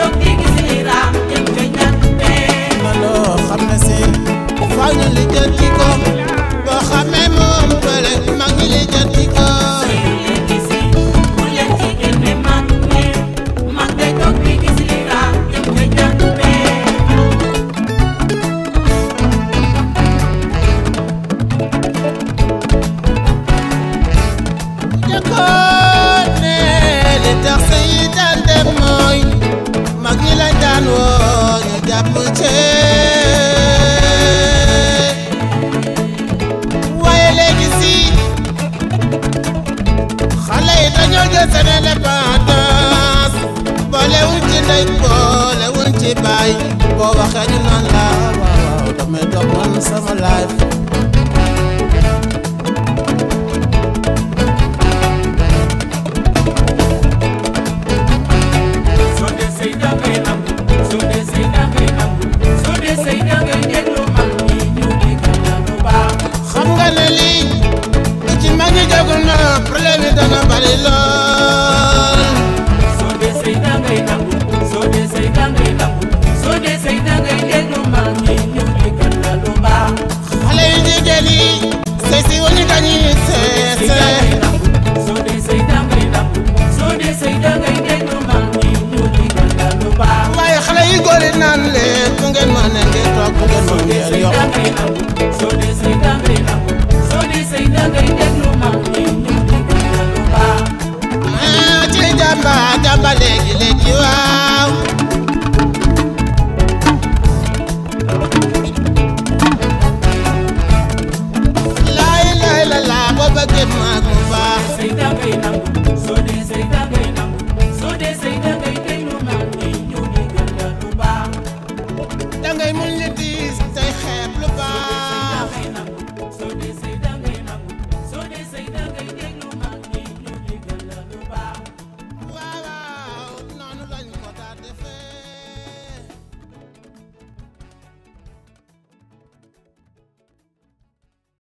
dog digi jàmm tey waaye léegi xale yi dañoo jël seen indépendance boolewuñ ci ndey boolewuñ ci baay boo waxee ñu naan la waaw damay sama life. yëgul na problème yi dana bari lool may sëy da ngay déglu mag ñi ñu digg lu baax. ah ci jàmba jàmba léegi léegi waaw.